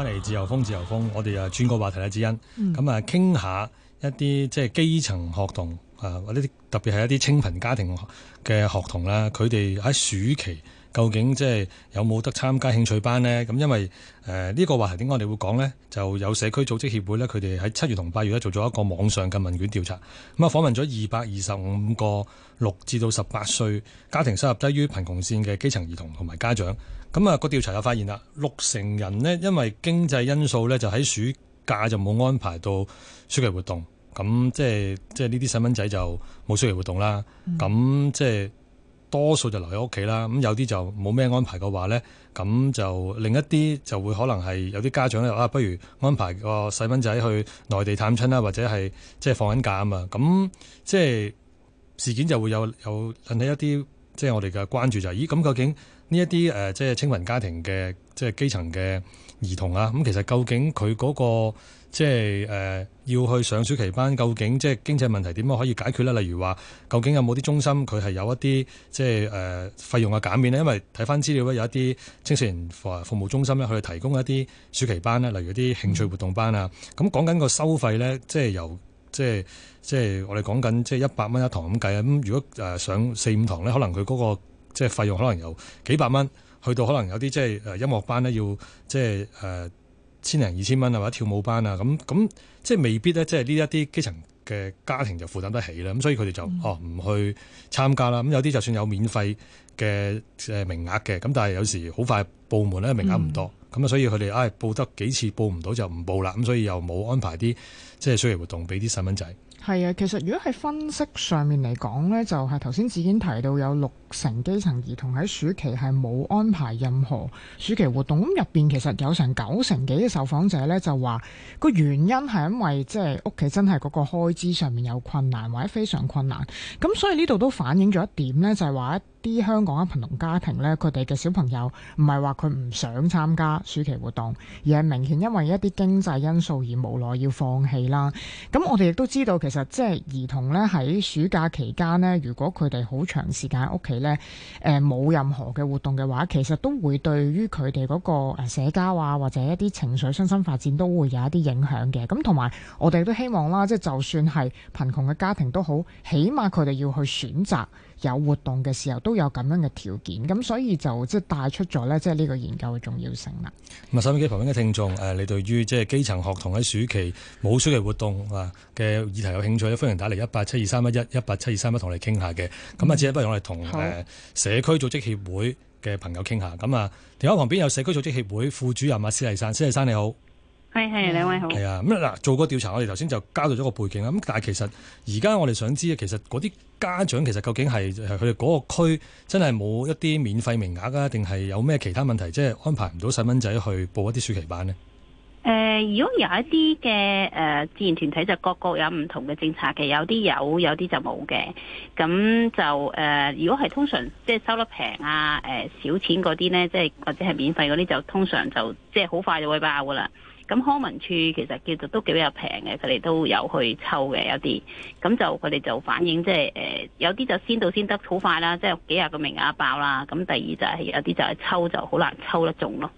翻嚟自由風，自由風，我哋又轉個話題啦，子欣。咁啊，傾下一啲即係基層學童啊，或者特別係一啲清貧家庭嘅學童啦，佢哋喺暑期究竟即係有冇得參加興趣班呢？咁因為誒呢個話題點解我哋會講呢？就有社區組織協會咧，佢哋喺七月同八月咧做咗一個網上嘅問卷調查，咁啊訪問咗二百二十五個六至到十八歲家庭收入低於貧窮線嘅基層兒童同埋家長。咁啊，個調查又發現啦，六成人呢，因為經濟因素咧，就喺暑假就冇安排到暑期活動，咁即係即係呢啲細蚊仔就冇暑期活動啦。咁即係多數就留喺屋企啦。咁有啲就冇咩安排嘅話咧，咁就另一啲就會可能係有啲家長咧啊，不如安排個細蚊仔去內地探親啦，或者係即係放緊假啊嘛。咁即係事件就會有有引起一啲。即係我哋嘅關注就係、是，咦？咁究竟呢一啲即係青雲家庭嘅，即係基層嘅兒童啊？咁其實究竟佢嗰、那個即係、呃、要去上暑期班，究竟即係經濟問題點樣可以解決咧？例如話，究竟有冇啲中心佢係有一啲即係誒、呃、費用嘅減免咧？因為睇返資料咧，有一啲青少年服務中心咧，佢提供一啲暑期班咧，例如啲興趣活動班啊。咁講緊個收費咧，即係由。即係即係我哋講緊即係一百蚊一堂咁計啊，咁如果誒上四五堂咧，可能佢嗰、嗰個即係費用可能有幾百蚊，去到可能有啲即係誒音樂班咧要即係誒、呃、千零二千蚊啊，或者跳舞班啊，咁咁即係未必咧，即係呢一啲基層嘅家庭就負擔得起啦。咁所以佢哋就、嗯、哦唔去參加啦。咁有啲就算有免費嘅誒名額嘅，咁但係有時好快部門咧，名額唔多。嗯咁啊，所以佢哋唉報得幾次報唔到就唔報啦。咁所以又冇安排啲即係暑期活動俾啲細蚊仔。係啊，其實如果係分析上面嚟講咧，就係頭先子健提到有六成基層兒童喺暑期係冇安排任何暑期活動面。咁入邊其實有成九成幾嘅受訪者咧，就話個原因係因為即係屋企真係嗰個開支上面有困難或者非常困難。咁所以呢度都反映咗一點咧，就係話。啲香港嘅貧窮家庭呢，佢哋嘅小朋友唔係話佢唔想參加暑期活動，而係明顯因為一啲經濟因素而無奈要放棄啦。咁我哋亦都知道，其實即係兒童呢，喺暑假期間呢，如果佢哋好長時間喺屋企呢，誒、呃、冇任何嘅活動嘅話，其實都會對於佢哋嗰個誒社交啊，或者一啲情緒、身心發展都會有一啲影響嘅。咁同埋我哋都希望啦，即係就算係貧窮嘅家庭都好，起碼佢哋要去選擇，.有活動嘅時候都有咁樣嘅條件，咁所以就即係帶出咗咧，即係呢個研究嘅重要性啦。咁、嗯、啊，收音機旁邊嘅聽眾，誒，你對於即係基層學童喺暑期冇暑期活動啊嘅議題有興趣咧，歡迎打嚟一八七二三一一一八七二三一同我哋傾下嘅。咁、嗯、啊，今日不如我哋同誒社區組織協會嘅朋友傾下。咁啊，電話旁邊有社區組織協會副主任啊，施麗珊，施麗珊，你好。係係兩位好，係啊，咁嗱，做個調查，我哋頭先就交代咗個背景啊。咁但係其實而家我哋想知，其實嗰啲家長其實究竟係佢哋嗰個區真係冇一啲免費名額啊，定係有咩其他問題，即係安排唔到細蚊仔去報一啲暑期班呢？誒、呃，如果有一啲嘅誒志願團體就各,各有唔同嘅政策，其有啲有，有啲就冇嘅。咁就誒、呃，如果係通常即係收得平啊，誒、呃、少錢嗰啲呢，即係或者係免費嗰啲，就通常就即係好快就會爆噶啦。咁康文署其實叫做都幾比較平嘅，佢哋都有去抽嘅有啲，咁就佢哋就反映即係誒有啲就先到先得好快啦，即係幾廿個名額爆啦。咁第二就係、是、有啲就係抽就好難抽得中咯。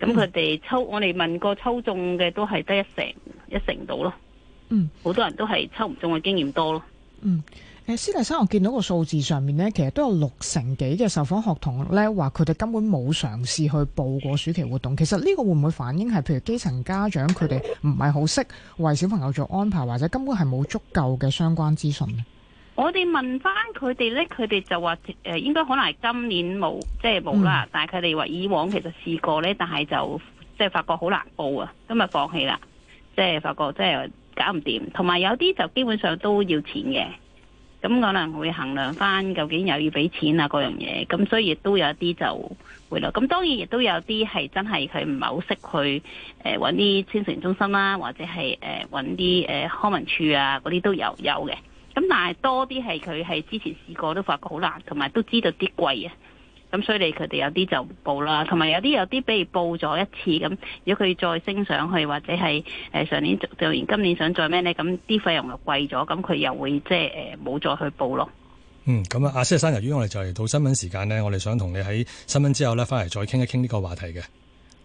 咁佢哋抽、mm. 我哋問過抽中嘅都係得一成一成度咯。嗯，好多人都係抽唔中嘅經驗多咯。嗯、mm.。誒，施麗珊，我見到個數字上面咧，其實都有六成幾嘅受訪學童咧話，佢哋根本冇嘗試去報過暑期活動。其實呢個會唔會反映係，譬如基層家長佢哋唔係好識為小朋友做安排，或者根本係冇足夠嘅相關資訊咧？我哋問翻佢哋咧，佢哋就話，誒，應該可能係今年冇，即係冇啦。嗯、但係佢哋話以往其實試過咧，但係就即係、就是、發覺好難報啊，今日放棄啦。即、就、係、是、發覺即係搞唔掂，同埋有啲就基本上都要錢嘅。咁可能會衡量翻究竟又要俾錢啊嗰樣嘢，咁所以亦都有啲就會咯。咁當然亦都有啲係真係佢唔係好識去搵啲遷城中心啦、啊，或者係誒揾啲誒康文署啊嗰啲都有有嘅。咁但係多啲係佢係之前試過都發覺好難，同埋都知道啲貴啊。咁所以嚟佢哋有啲就唔報啦，同埋有啲有啲，有比如報咗一次咁，如果佢再升上去或者係誒上年做完，今年想再咩呢？咁啲費用又貴咗，咁佢又會即係誒冇再去報咯。嗯，咁、嗯、啊，阿施先生，由於我哋就嚟到新聞時間呢，我哋想同你喺新聞之後呢翻嚟再傾一傾呢個話題嘅。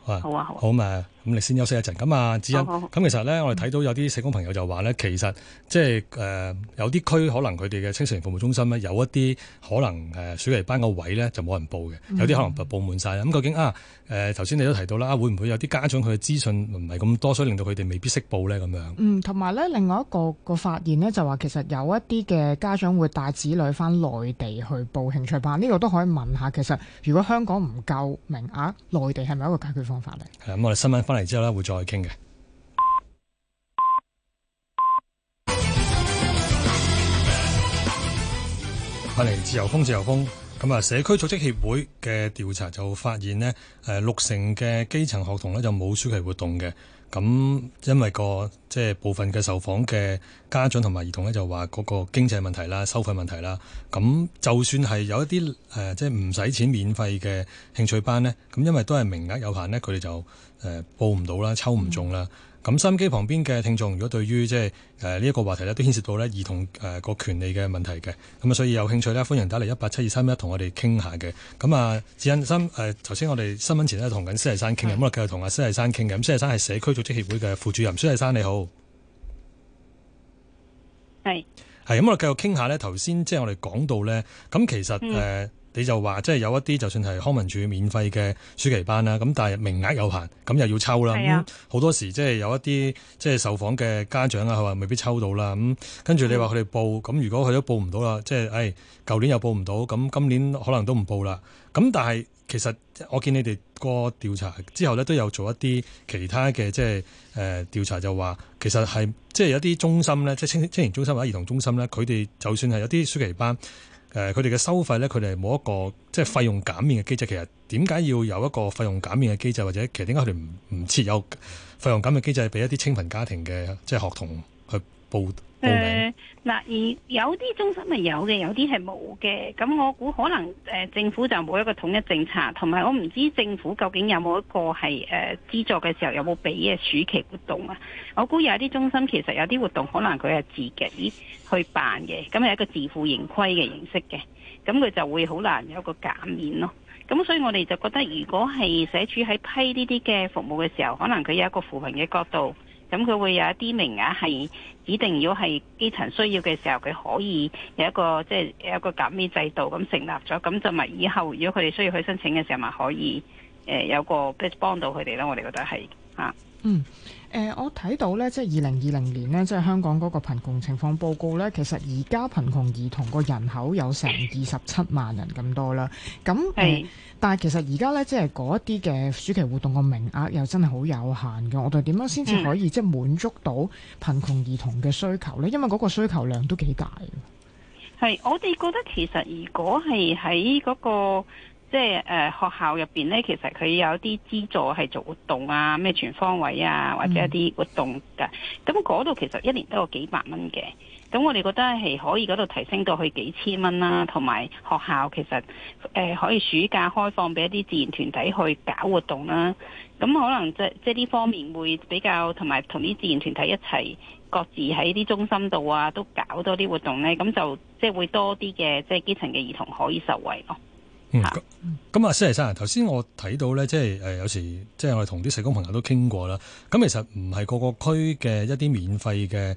好啊。好啊。好嘛。咁你先休息一陣，咁、嗯、啊，子欣，咁、oh, 其實咧，okay. 我哋睇到有啲社工朋友就話咧、嗯，其實即係誒有啲區可能佢哋嘅青少年服務中心咧，有一啲可能誒暑期班個位咧就冇人報嘅，有啲可能就報滿晒。咁、嗯嗯、究竟啊誒頭先你都提到啦、啊，會唔會有啲家長佢嘅資訊唔係咁多，所以令到佢哋未必識報咧咁樣？嗯，同埋咧，另外一個一個發現咧，就話、是、其實有一啲嘅家長會帶子女返內地去報興趣班，呢、這個都可以問一下。其實如果香港唔夠名額、啊，內地係咪一個解決方法咧？係、嗯、咁、嗯這個啊嗯、我哋新聞返。嚟之後咧會再傾嘅。下嚟自由風，自由風咁啊！社區組織協會嘅調查就發現呢誒，六成嘅基層學童呢就冇暑期活動嘅。咁因為個即係部分嘅受訪嘅家長同埋兒童呢，就話嗰個經濟問題啦、收費問題啦。咁就算係有一啲誒，即係唔使錢免費嘅興趣班呢，咁因為都係名額有限呢，佢哋就。誒、呃，報唔到啦，抽唔中啦。咁收音機旁邊嘅聽眾，如果對於即係誒呢一個話題咧，都牽涉到咧兒童誒、呃、個權利嘅問題嘅，咁啊，所以有興趣咧，歡迎打嚟一八七二三一，同我哋傾下嘅。咁啊，志欣，呃、剛才新、誒，頭先、嗯、我哋新聞前咧同緊施麗珊傾嘅，咁啊繼續同阿施麗珊傾嘅。咁施麗珊係社區組織協會嘅副主任，施麗珊你好，係係，咁我哋繼續傾下咧。頭先即係我哋講到咧，咁其實誒。呃嗯你就話，即係有一啲，就算係康文署免費嘅暑期班啦，咁但係名額有限，咁又要抽啦。咁好、啊嗯、多時即係有一啲即係受訪嘅家長啊，係話未必抽到啦。咁跟住你話佢哋報，咁如果佢都報唔到啦，即係誒，舊、哎、年又報唔到，咁今年可能都唔報啦。咁但係其實我見你哋個調查之後咧，都有做一啲其他嘅即係誒、呃、調查就，就話其實係即係有啲中心咧，即係青青年中心或者兒童中心咧，佢哋就算係有啲暑期班。誒佢哋嘅收費咧，佢哋冇一個即係費用減免嘅機制。其實點解要有一個費用減免嘅機制，或者其實點解佢哋唔唔設有費用減免機制，俾一啲清貧家庭嘅即係學童？報名嗱、呃，而有啲中心係有嘅，有啲係冇嘅。咁我估可能誒、呃、政府就冇一個統一政策，同埋我唔知政府究竟有冇一個係誒、呃、資助嘅時候有冇俾嘅暑期活動啊？我估有啲中心其實有啲活動可能佢係自己去辦嘅，咁係一個自負盈虧嘅形式嘅，咁佢就會好難有一個減免咯。咁所以我哋就覺得，如果係社署喺批呢啲嘅服務嘅時候，可能佢有一個扶貧嘅角度。咁佢會有一啲名額係指定，如果係基層需要嘅時候，佢可以有一個即係有一個減免制度咁成立咗，咁就咪以後如果佢哋需要去申請嘅時候，咪可以誒有個即幫到佢哋咯。我哋覺得係。嗯，誒、呃，我睇到呢，即係二零二零年呢，即係香港嗰個貧窮情況報告呢。其實而家貧窮兒童個人口有成二十七萬人咁多啦。咁、呃，但係其實而家呢，即係嗰一啲嘅暑期活動個名額又真係好有限嘅。我哋點樣先至可以、嗯、即係滿足到貧窮兒童嘅需求呢？因為嗰個需求量都幾大。係，我哋覺得其實如果係喺嗰個。即係誒，學校入邊咧，其實佢有啲資助係做活動啊，咩全方位啊，或者一啲活動噶。咁嗰度其實一年都有幾百蚊嘅。咁我哋覺得係可以嗰度提升到去幾千蚊啦。同埋學校其實誒、呃、可以暑假開放俾一啲自然團體去搞活動啦。咁可能即係即係呢方面會比較，同埋同啲自然團體一齊各自喺啲中心度啊，都搞多啲活動咧。咁就即係會多啲嘅，即係基層嘅兒童可以受惠咯。嗯，咁啊啊，施麗珊，頭、嗯、先我睇到咧，即係誒、呃，有時即係我哋同啲社工朋友都傾過啦。咁其實唔係個個區嘅一啲免費嘅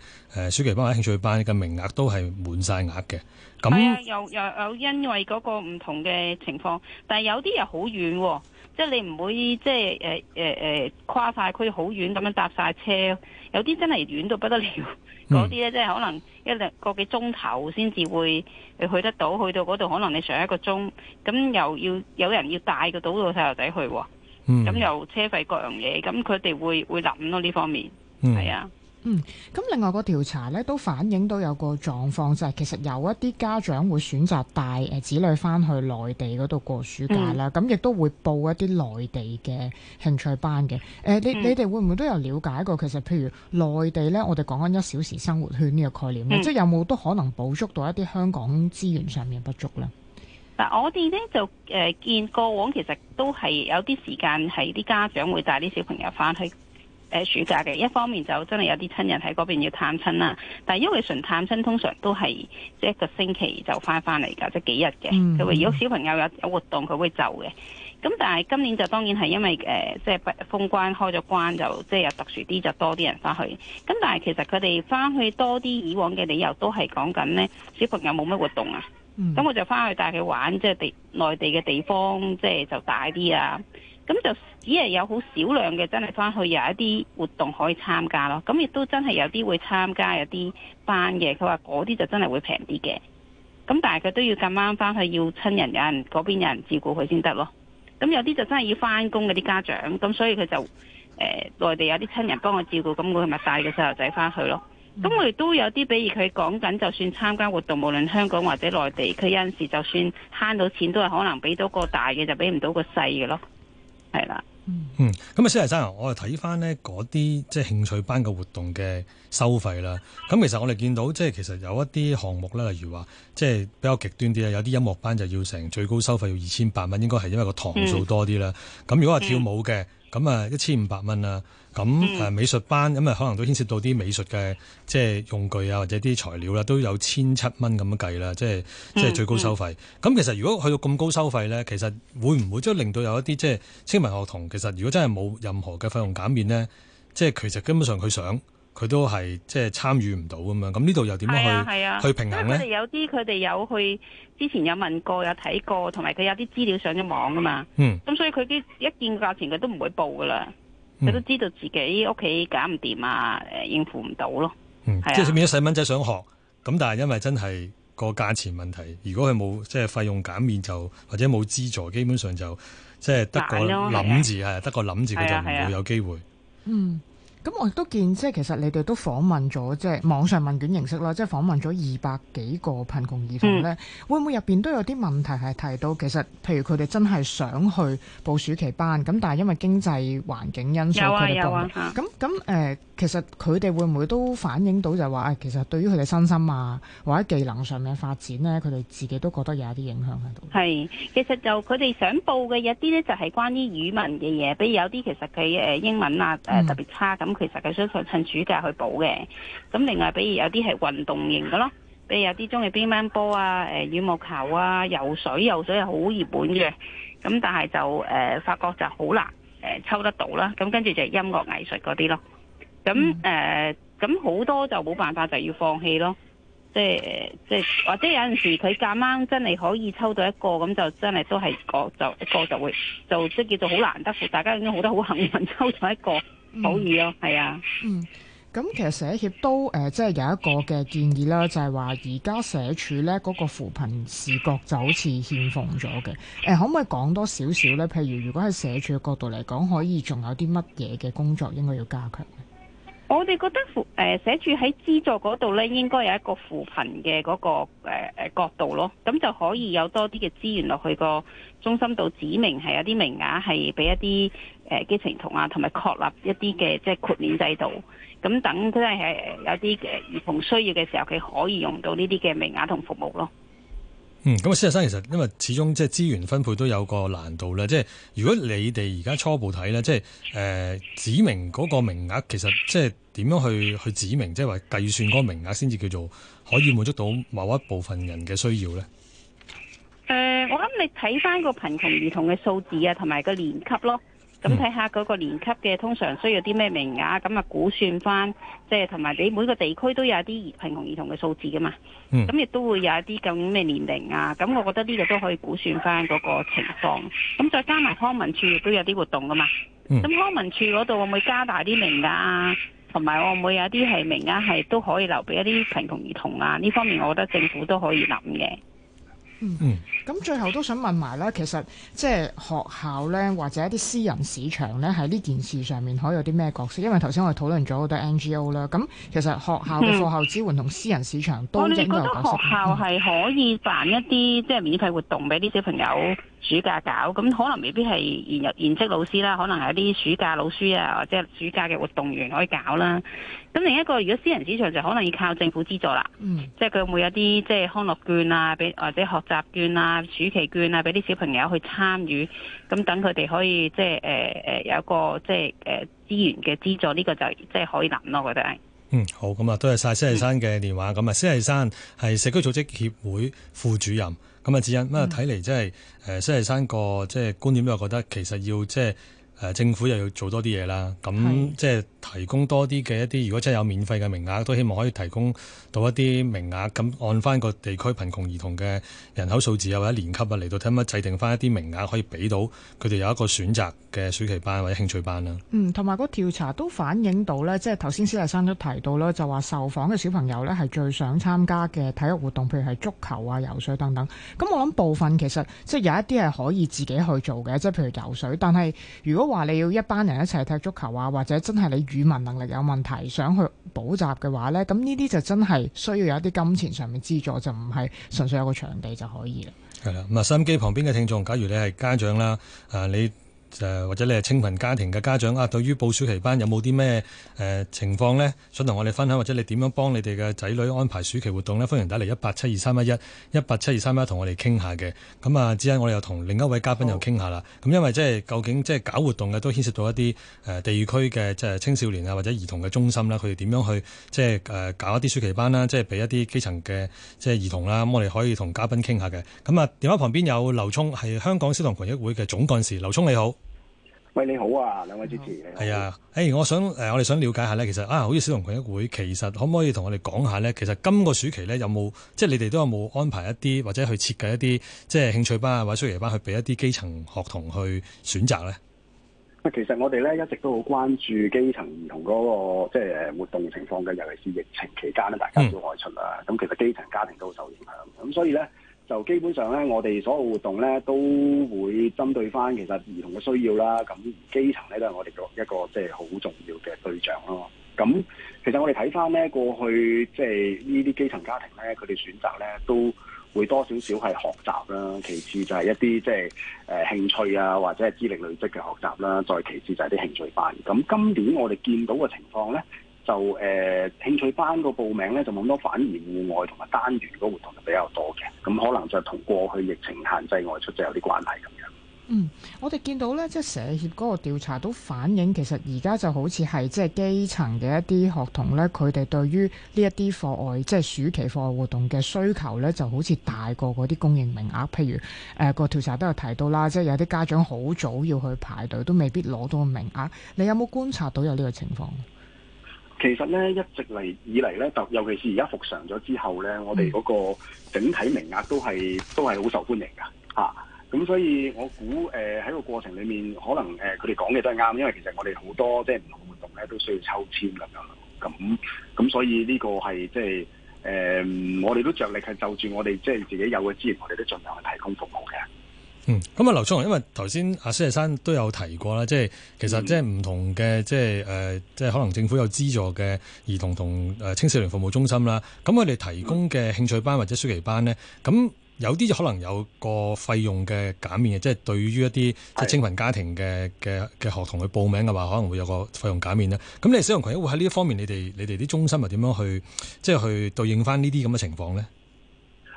誒暑期班或者興趣班嘅名額都係滿晒額嘅。咁又有有有，有有因為嗰個唔同嘅情況，但係有啲又好遠，即係你唔會即係誒誒誒跨晒區好遠咁樣搭晒車，有啲真係遠到不得了。嗰啲咧，即係可能一兩個幾鐘頭先至會去得到，去到嗰度可能你上一個鐘，咁又要有人要帶個到度細路仔去，咁又車費各樣嘢，咁佢哋會會諗咯呢方面，係、嗯、啊。嗯，咁另外個調查咧都反映到有個狀況，就係、是、其實有一啲家長會選擇帶誒子女翻去內地嗰度過暑假啦，咁亦都會報一啲內地嘅興趣班嘅。誒、呃，你、嗯、你哋會唔會都有了解過？其實譬如內地咧，我哋講緊一小時生活圈呢個概念、嗯、即係有冇都可能補足到一啲香港資源上面不足咧？嗱，我哋咧就誒、呃、見過往其實都係有啲時間係啲家長會帶啲小朋友翻去。誒暑假嘅一方面就真係有啲親人喺嗰邊要探親啦，啊，但係因為純探親通常都係一個星期就翻翻嚟㗎，即、就、係、是、幾日嘅。佢、嗯、話如果小朋友有有活動，佢會就嘅。咁但係今年就當然係因為誒、呃、即係封關開咗關就即係有特殊啲就多啲人翻去。咁但係其實佢哋翻去多啲以往嘅理由都係講緊咧小朋友冇乜活動啊。咁、嗯、我就翻去帶佢玩，即係地內地嘅地方即係就大啲啊。咁就只係有好少量嘅，真係翻去有一啲活動可以參加咯。咁亦都真係有啲會參加有啲班嘅。佢話嗰啲就真係會平啲嘅。咁但係佢都要咁啱翻去要親人，有人嗰邊有人照顧佢先得咯。咁有啲就真係要翻工嗰啲家長咁，所以佢就、呃、內地有啲親人幫我照顧，咁我咪帶個細路仔翻去咯。咁我亦都有啲，比如佢講緊，就算參加活動，無論香港或者內地，佢有陣時就算慳到錢，都係可能俾到個大嘅，就俾唔到個細嘅咯。係啦，嗯，咁、嗯、啊，施先生，我哋睇翻咧嗰啲即係興趣班嘅活動嘅收費啦。咁其實我哋見到即係其實有一啲項目啦，例如話即係比較極端啲啊，有啲音樂班就要成最高收費要二千八蚊，應該係因為個堂數多啲啦。咁、嗯、如果係跳舞嘅，咁啊一千五百蚊啦。咁、呃、美術班咁誒可能都牽涉到啲美術嘅即係用具啊或者啲材料啦，都有千七蚊咁樣計啦，即係即係最高收費。咁、嗯、其實如果去到咁高收費咧，其實會唔會即係令到有一啲即係清貧學童其實如果真係冇任何嘅費用減免咧，即係其實根本上佢想佢都係即係參與唔到咁樣。咁呢度又點樣去、啊啊、去平衡咧？佢哋有啲，佢哋有去之前有問過，有睇過，同埋佢有啲資料上咗網噶嘛。嗯。咁所以佢啲一見價錢，佢都唔會報噶啦。佢、嗯、都知道自己屋企搞唔掂啊！誒，應付唔到咯。嗯，是啊、即係變咗細蚊仔想學，咁但係因為真係個價錢問題，如果佢冇即係費用減免就或者冇資助，基本上就即係得個諗字，係得個諗字，佢、啊啊啊啊、就唔會有機會。啊啊、嗯。咁我亦都見，即係其實你哋都訪問咗，即係網上問卷形式啦，即係訪問咗二百幾個貧窮兒童咧、嗯，會唔會入面都有啲問題係提到其實，譬如佢哋真係想去報暑期班，咁但係因為經濟環境因素，佢哋報唔到咁咁誒。其實佢哋會唔會都反映到就係話、哎，其實對於佢哋身心啊，或者技能上面嘅發展呢，佢哋自己都覺得有啲影響喺度。係，其實就佢哋想報嘅有啲呢，就係關於語文嘅嘢，比如有啲其實佢誒英文啊特別差，咁、嗯、其實佢想趁暑假去補嘅。咁另外，比如有啲係運動型嘅咯，比如有啲中意乒乓球啊、誒羽毛球啊、游水，游水係好熱門嘅。咁但係就誒發覺就好難誒抽得到啦。咁跟住就係音樂藝術嗰啲咯。咁誒，咁、嗯、好、呃、多就冇辦法，就要放棄咯。即係即係，或者有陣時佢夾啱真係可以抽到一個，咁就真係都係個就一個就會就即係叫做好難得，大家咁樣好得好幸運抽到一個好意咯，係、嗯、啊。嗯，咁其實社協都誒、呃，即係有一個嘅建議啦，就係話而家社署咧嗰個扶貧視角就好似欠奉咗嘅。誒、呃，可唔可以講多少少咧？譬如如果喺社署嘅角度嚟講，可以仲有啲乜嘢嘅工作應該要加強？我哋覺得扶誒寫住喺資助嗰度咧，應該有一個扶貧嘅嗰個誒角度咯，咁就可以有多啲嘅資源落去個中心度指明係有啲名額係俾一啲誒基層童啊，同埋確立一啲嘅即係豁免制度，咁等佢係係有啲誒兒童需要嘅時候，佢可以用到呢啲嘅名額同服務咯。嗯，咁啊，施先生，其實，因為始終即係資源分配都有個難度啦，即係如果你哋而家初步睇咧，即係誒、呃、指明嗰個名額，其實即係點樣去去指明，即係話計算嗰個名額先至叫做可以滿足到某一部分人嘅需要咧。誒、呃，我諗你睇翻個貧窮兒童嘅數字啊，同埋個年級咯。咁睇下嗰個年級嘅通常需要啲咩名額，咁啊估算翻，即係同埋你每個地區都有啲貧窮兒童嘅數字噶嘛，咁、嗯、亦都會有一啲咁咩年齡啊，咁我覺得呢個都可以估算翻嗰個情況。咁再加埋康文署亦都有啲活動噶嘛，咁、嗯、康文署嗰度會唔會加大啲名額，同埋會唔會有啲係名額係都可以留俾一啲貧窮兒童啊？呢方面我覺得政府都可以諗嘅。嗯，咁最後都想問埋啦，其實即係學校咧，或者一啲私人市場咧，喺呢件事上面可以有啲咩角色？因為頭先我哋討論咗好多 NGO 啦，咁其實學校嘅課後支援同私人市場都應該有角色、嗯嗯哦、學校係可以辦一啲即係免費活動俾啲小朋友。暑假搞咁可能未必係現入現職老師啦，可能係啲暑假老師啊，或者暑假嘅活動員可以搞啦。咁另一個，如果私人市場就可能要靠政府資助啦。嗯，即係佢會有啲即係康樂券啊，俾或者學習券啊、暑期券啊，俾啲小朋友去參與，咁等佢哋可以即係誒誒有一個即係誒、呃、資源嘅資助，呢、這個就即係可以諗咯，我覺得係。嗯，好，咁啊，多謝晒施先生嘅電話。咁、嗯、啊，施麗珊係社區組織協會副主任。咁啊，子欣，咁、嗯、啊，睇嚟即係誒，施麗珊個即係觀點，又覺得其實要即係。政府又要做多啲嘢啦，咁即係提供多啲嘅一啲，如果真係有免費嘅名額，都希望可以提供到一啲名額，咁按翻個地區貧窮兒童嘅人口數字啊，或者年級啊，嚟到睇乜制定翻一啲名額可以俾到佢哋有一個選擇嘅暑期班或者興趣班啦。嗯，同埋個調查都反映到咧，即係頭先施麗珊都提到啦，就話受訪嘅小朋友咧係最想參加嘅體育活動，譬如係足球啊、游水等等。咁我諗部分其實即係有一啲係可以自己去做嘅，即係譬如游水，但係，如果話你要一班人一齊踢足球啊，或者真係你語文能力有問題，想去補習嘅話呢，咁呢啲就真係需要有一啲金錢上面資助，就唔係純粹有個場地就可以啦。係、嗯、啦，咁啊，收音機旁邊嘅聽眾，假如你係家長啦，啊你。或者你係清貧家庭嘅家長啊，對於報暑期班有冇啲咩誒情況呢？想同我哋分享，或者你點樣幫你哋嘅仔女安排暑期活動呢？歡迎打嚟一八七二三一一一八七二三一同我哋傾下嘅。咁啊，之後我哋又同另一位嘉賓又傾下啦。咁因為即、就、係、是、究竟即係搞活動嘅都牽涉到一啲誒、呃、地區嘅即係青少年啊或者兒童嘅中心啦、啊，佢哋點樣去即係誒搞一啲暑期班啦、啊？即係俾一啲基層嘅即係兒童啦、啊。咁我哋可以同嘉賓傾下嘅。咁啊，電話、呃、旁邊有劉翀，係香港小童群益會嘅總幹事，劉翀你好。喂，你好啊，兩位主持，係啊，誒、欸，我想我哋想了解一下咧，其實啊，好似小童群益會，其實可唔可以同我哋講下咧？其實今個暑期咧，有冇即係你哋都有冇安排一啲或者去設計一啲即係興趣班啊或者暑期班去俾一啲基層學童去選擇咧？啊，其實我哋咧一直都好關注基層兒童嗰、那個即係、就是、活動情況嘅，尤其是疫情期間咧，大家要外出啊，咁、嗯、其實基層家庭都受影響，咁所以咧。就基本上咧，我哋所有活動咧都會針對翻其實兒童嘅需要啦。咁基層咧都係我哋嘅一個即係好重要嘅對象咯。咁其實我哋睇翻咧過去即係呢啲基層家庭咧，佢哋選擇咧都會多少少係學習啦。其次就係一啲即係誒興趣啊，或者係資歷累積嘅學習啦。再其次就係啲興趣班。咁今年我哋見到嘅情況咧。就誒、呃、興趣班個報名咧，就冇咁多，反而戶外同埋單元個活動就比較多嘅。咁可能就同過去疫情限制外出就有啲關係咁樣。嗯，我哋見到咧，即社協嗰個調查都反映，其實而家就好似係即基層嘅一啲學童咧，佢哋對於呢一啲課外即暑期課外活動嘅需求咧，就好似大過嗰啲供應名額。譬如誒、呃嗰個調查都有提到啦，即有啲家長好早要去排隊，都未必攞到個名額。你有冇觀察到有呢個情況？其實咧一直嚟以嚟咧，就尤其是而家復常咗之後咧，我哋嗰個整體名額都係都係好受歡迎嘅吓。咁、啊、所以我估誒喺個過程裡面，可能誒佢哋講嘅都係啱，因為其實我哋好多即係唔同活動咧都需要抽籤咁樣。咁咁所以呢個係即係誒、呃，我哋都着力係就住我哋即係自己有嘅資源，我哋都盡量去提供服務嘅。嗯，咁啊，劉翀，因為頭先阿施麗珊都有提過啦，即係其實即係唔同嘅，即係誒、呃，即係可能政府有資助嘅兒童同誒青少年服務中心啦。咁佢哋提供嘅興趣班或者暑期班咧，咁有啲就可能有個費用嘅減免嘅，即係對於一啲即係清貧家庭嘅嘅嘅學童去報名嘅話，可能會有個費用減免啦。咁你小童群益會喺呢一方面，你哋你哋啲中心又點樣去即係去對應翻呢啲咁嘅情況咧？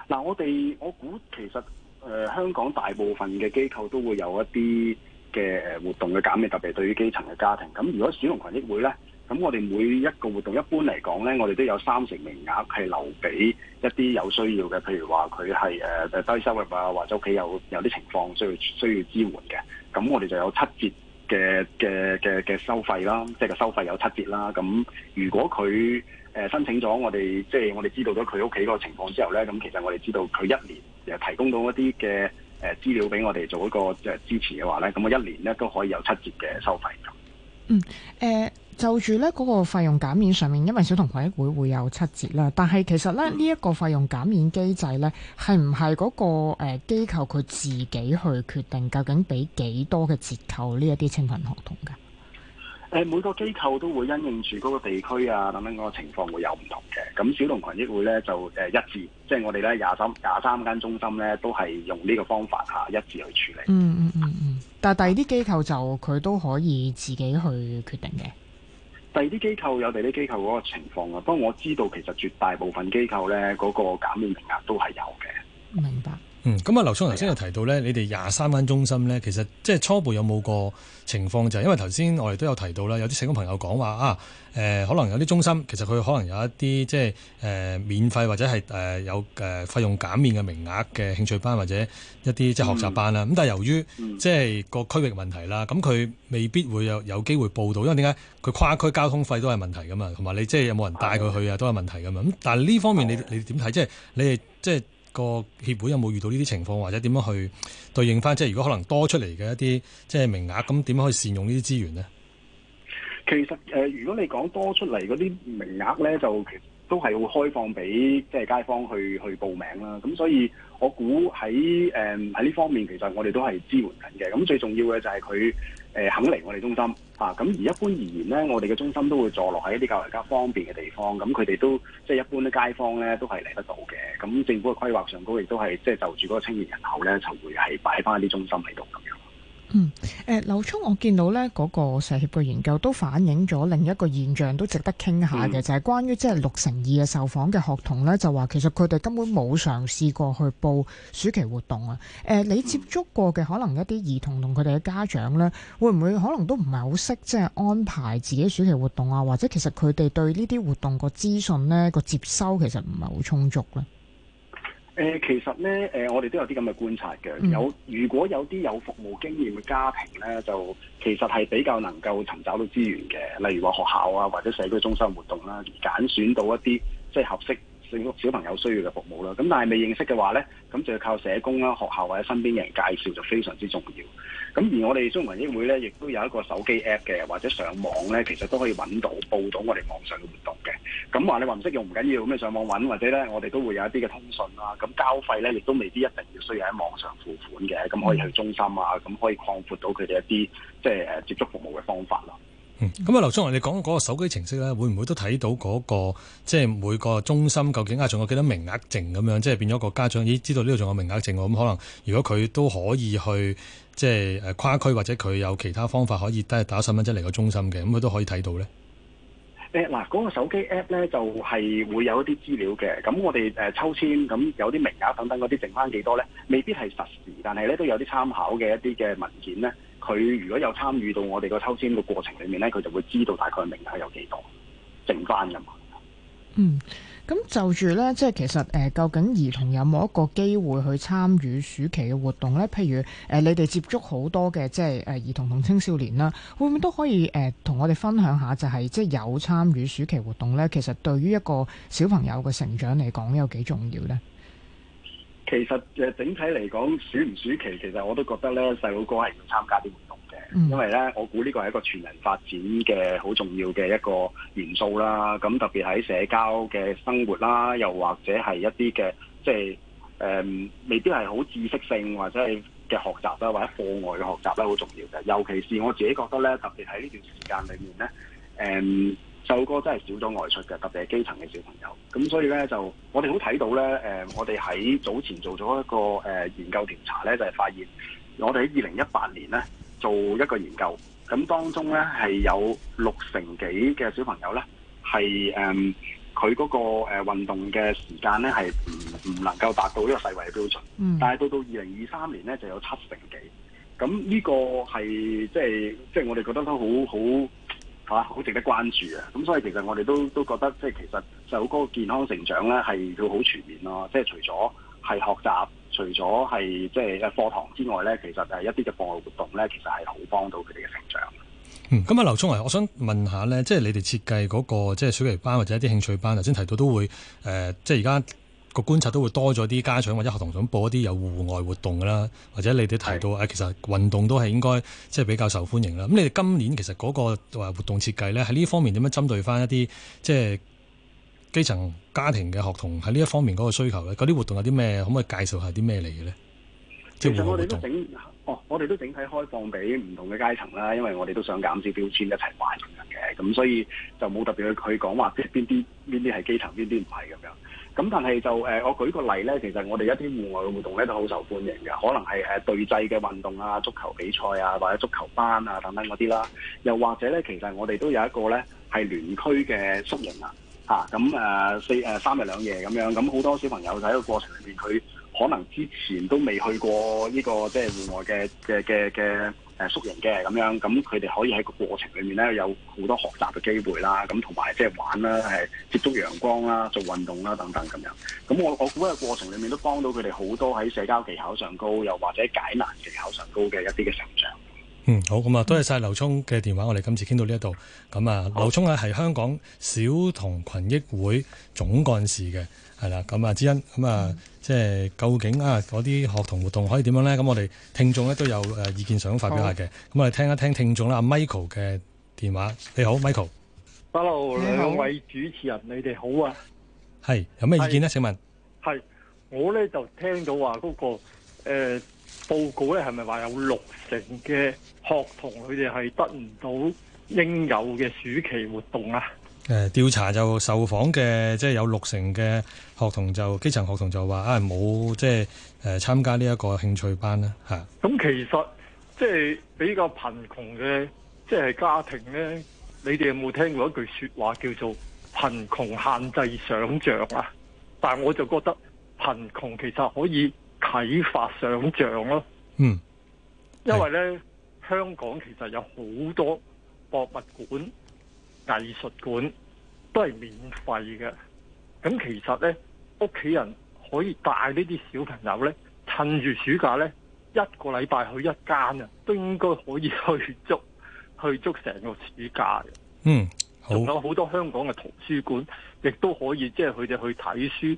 嗱，我哋我估其實。誒、呃、香港大部分嘅機構都會有一啲嘅誒活動嘅減免，特別對於基層嘅家庭。咁如果小童群益會咧，咁我哋每一個活動一般嚟講咧，我哋都有三成名額係留俾一啲有需要嘅，譬如話佢係誒低收入啊，或者屋企有有啲情況需要需要支援嘅。咁我哋就有七折嘅嘅嘅嘅收費啦，即係個收費有七折啦。咁如果佢申請咗我哋，即、就、係、是、我哋知道咗佢屋企個個情況之後呢，咁其實我哋知道佢一年提供到一啲嘅資資料俾我哋做一個支持嘅話呢，咁我一年呢都可以有七折嘅收費咁。嗯，呃、就住呢嗰個費用減免上面，因為小童群益會會有七折啦，但係其實呢一、這個費用減免機制呢，係唔係嗰個機機構佢自己去決定究竟俾幾多嘅折扣呢一啲清貧學童嘅。誒，每個機構都會因應住嗰個地區啊，等等嗰、那個情況會有唔同嘅。咁小龍群益會小童群益會咧就誒一致，即係我哋咧廿三廿三間中心咧都係用呢個方法吓一致去處理。嗯嗯嗯嗯。但係第二啲機構就佢都可以自己去決定嘅。第二啲機構有第二啲機構嗰個情況啊，不過我知道其實絕大部分機構咧嗰、那個減免名額都係有嘅。明白。嗯，咁啊，劉翀頭先有，有，有提到咧，你哋廿三間中心咧，其實即係初步有冇個情況就係，因為頭先我哋都有提到啦，有啲社工朋友講話啊、呃，可能有啲中心其實佢可能有一啲即係免費或者係有誒費用減免嘅名額嘅興趣班或者一啲即係學習班啦，咁、嗯、但係由於、嗯、即係個區域問題啦，咁佢未必會有有機會報到，因為點解佢跨區交通費都係問題噶嘛，同埋你即係有冇人帶佢去啊，都係問題噶嘛。咁、嗯、但係呢方面你你點睇？即係你哋即係。個協會有冇遇到呢啲情況，或者點樣去對應返？即係如果可能多出嚟嘅一啲即係名額，咁點樣可以善用呢啲資源呢？其實誒、呃，如果你講多出嚟嗰啲名額呢，就其實都係會開放俾即係街坊去去報名啦。咁所以我估喺誒喺呢方面，其實我哋都係支援緊嘅。咁最重要嘅就係佢。誒肯嚟我哋中心嚇，咁、啊、而一般而言咧，我哋嘅中心都會坐落喺一啲較為家方便嘅地方，咁佢哋都即係一般啲街坊咧都係嚟得到嘅。咁政府嘅規劃上高，亦都係即係就住嗰個青年人口咧，就會係擺翻啲中心喺度咁樣。嗯，誒、呃，劉翀我，我見到咧嗰個社協嘅研究都反映咗另一個現象，都值得傾下嘅、嗯，就係、係、關於即係六成二嘅受訪嘅學童咧，就話其實佢哋根本冇嘗試過去報暑期活動啊。誒、呃，你接觸過嘅可能一啲兒童同佢哋嘅家長咧，會唔會可能都唔係好識即係安排自己暑期活動啊？或者其實佢哋對呢啲活動個資訊咧、嗰個接收其實唔係好充足咧。呃、其實咧，誒、呃、我哋都有啲咁嘅觀察嘅。有如果有啲有服務經驗嘅家庭咧，就其實係比較能夠尋找到資源嘅。例如話學校啊，或者社區中心活動啦、而，揀選到一啲即係合適小朋友需要嘅服務啦，咁但係未認識嘅話呢咁就要靠社工啦、學校或者身邊嘅人介紹就非常之重要。咁而我哋小童群益會呢，亦都有一個手機 App 嘅，或者上網呢，其實都可以揾到報到我哋網上嘅活動嘅。咁話你話唔識用唔緊要，咁你上網揾或者呢我哋都會有一啲嘅通訊啊，咁交費呢，亦都未必一定要需要喺網上付款嘅，咁可以去中心啊，咁可以擴闊到佢哋一啲即係接觸服務嘅方法啦。咁、嗯、啊，劉翀，你講嗰個手機程式咧，會唔會都睇到嗰、那個即係每個中心究竟仲有幾多名額剩咁樣，即係變咗個家長已知道呢度仲有名額剩，咁可能如果佢都可以去即係誒跨區或者佢有其他方法可以得打十蚊雞嚟個中心嘅，咁佢都可以睇到咧。誒，嗱，嗰個手機 app 咧就係會有一啲資料嘅，咁我哋誒抽籤，咁有啲名額等等嗰啲剩翻幾多咧，未必係實時，但係咧都有啲參考嘅一啲嘅文件咧。佢如果有參與到我哋個抽籤嘅過程裏面呢，佢就會知道大概名額有幾多，剩翻嘅嘛。嗯，咁就住呢，即係其實、呃、究竟兒童有冇一個機會去參與暑期嘅活動呢？譬如、呃、你哋接觸好多嘅即係、呃、兒童同青少年啦，會唔會都可以誒同、呃、我哋分享一下、就是，就係即係有參與暑期活動呢，其實對於一個小朋友嘅成長嚟講，有幾重要呢？其實誒整體嚟講，暑唔暑期，其實我都覺得咧，細佬哥係要參加啲活動嘅，因為咧，我估呢個係一個全人發展嘅好重要嘅一個元素啦。咁特別喺社交嘅生活啦，又或者係一啲嘅即係誒，未必係好知識性或者係嘅學習啦，或者課外嘅學習咧，好重要嘅。尤其是我自己覺得咧，特別喺呢段時間裏面咧，誒、嗯。就個真係少咗外出嘅，特別係基層嘅小朋友。咁所以呢，就，我哋好睇到呢。誒，我哋喺早前做咗一個誒、呃、研究調查呢，就係、是、發現我哋喺二零一八年呢做一個研究，咁當中呢，係有六成幾嘅小朋友呢係誒，佢嗰、呃嗰個、呃、運動嘅時間呢係唔唔能夠達到呢個世衛嘅標準。嗯、但係到到二零二三年呢，就有七成幾。咁呢個係即係即係我哋覺得都好好。很好值得關注啊！咁所以其實我哋都都覺得，即係其實就嗰個健康成長咧，係佢好全面咯。即係除咗係學習，除咗係即係誒課堂之外咧，其實係一啲嘅課外活動咧，其實係好幫到佢哋嘅成長。嗯，咁啊，劉翀啊，我想問下咧，即係你哋設計嗰個即係暑期班或者一啲興趣班，頭先提到都會誒，即係而家。個觀察都會多咗啲家長或者學童想播一啲有戶外活動啦，或者你哋提到其實運動都係應該即係比較受歡迎啦。咁你哋今年其實嗰個活動設計咧，喺呢方面點樣針對翻一啲即係基層家庭嘅學童喺呢一方面嗰個需求咧，嗰啲活動有啲咩，可唔可以介紹下啲咩嚟嘅咧？其實我哋都整哦，我哋都整體開放俾唔同嘅階層啦，因為我哋都想減少標籤一齊玩咁樣嘅。咁所以就冇特別去講話即係邊啲邊啲係基層，邊啲唔係咁樣。咁但係就誒，我舉個例咧，其實我哋一啲戶外嘅活動咧都好受歡迎嘅，可能係誒對制嘅運動啊、足球比賽啊，或者足球班啊等等嗰啲啦。又或者咧，其實我哋都有一個咧係聯區嘅宿營啊，咁誒四三日兩夜咁樣，咁好多小朋友喺個過程裏面，佢可能之前都未去過呢個即係戶外嘅嘅嘅嘅。誒宿營嘅咁樣，咁佢哋可以喺個過程裏面咧有好多學習嘅機會啦，咁同埋即係玩啦，係接觸陽光啦，做運動啦等等咁樣。咁我我估喺個過程裏面都幫到佢哋好多喺社交技巧上高，又或者解難技巧上高嘅一啲嘅成長。嗯，好，咁啊，多謝晒劉翀嘅電話，我哋今次傾到呢一度，咁啊，劉翀啊係香港小童群益會總幹事嘅，係啦，咁啊，芷欣，咁啊、嗯，即係究竟啊嗰啲學童活動可以點樣咧？咁我哋聽眾咧都有誒意見想發表下嘅，咁、嗯、我哋聽一聽聽眾啦、啊、Michael 嘅電話，你好，Michael。Hello，兩位主持人，你哋好啊。係，有咩意見呢？請問。係，我咧就聽到話嗰、嗰個誒。呃報告咧係咪話有六成嘅學童佢哋係得唔到應有嘅暑期活動啊？誒、欸、調查就受訪嘅即係有六成嘅學童就基層學童就話啊冇即係誒參加呢一個興趣班啦、啊、嚇。咁、嗯、其實即係、就是、比較貧窮嘅即係家庭咧，你哋有冇聽過一句説話叫做貧窮限制想像啊？但係我就覺得貧窮其實可以。啟發想象咯，嗯，因為咧香港其實有好多博物館、藝術館都係免費嘅，咁其實咧屋企人可以帶呢啲小朋友咧，趁住暑假咧一個禮拜去一間啊，都應該可以去足，去足成個暑假嘅。嗯，仲有好多香港嘅圖書館亦都可以，即係佢哋去睇書，誒、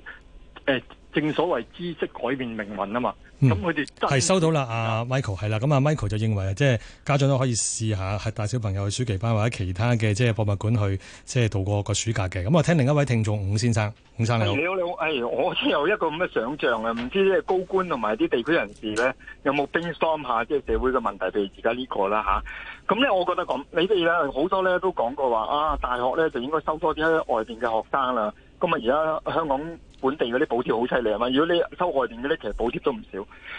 呃。正所謂知識改變命運啊嘛，咁佢哋係收到啦。阿、啊、Michael 係啦，咁、啊、阿 Michael 就認為即係、就是、家長都可以試下，係帶小朋友去暑期班或者其他嘅即係博物館去，即、就、係、是、度過個暑假嘅。咁、嗯、啊，我聽另一位聽眾伍先生，伍先生你好，你好你好，哎，我真有一個咁嘅想象啊，唔知啲高官同埋啲地區人士咧，有冇 brainstorm 下即係社會嘅問題？譬如而家呢個啦嚇。咁、啊、咧，我覺得咁，你哋咧好多咧都講過話啊，大學咧就應該收多啲外邊嘅學生啦。咁啊，而家香港本地嗰啲補貼好犀利啊嘛，如果你收外邊嗰啲，其實補貼都唔少。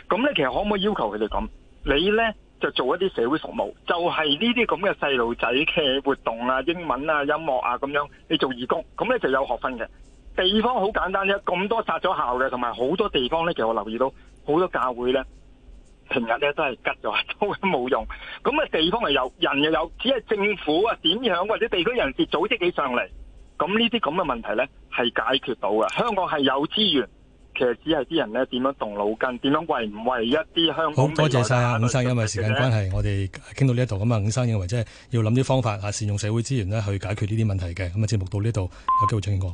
咁咧，其實可唔可以要求佢哋咁，你咧就做一啲社會服務，就係呢啲咁嘅細路仔嘅活動啊、英文啊、音樂啊咁樣，你做義工，咁咧就有學分嘅。地方好簡單啫，咁多殺咗校嘅，同埋好多地方咧，其實我留意到好多教會咧，平日咧都係吉咗，都冇用。咁啊，地方有人又有，只係政府啊點樣或者地區人士組織起上嚟？咁呢啲咁嘅問題呢，係解決到嘅。香港係有資源，其實只係啲人呢點樣動腦筋，點樣為唔為一啲香港人好多謝晒啊，伍生，因為時間關係，我哋傾到呢、嗯、一度咁啊。伍生認為即係要諗啲方法啊，善用社會資源呢去解決呢啲問題嘅。咁啊，節目到呢度有機會再見過。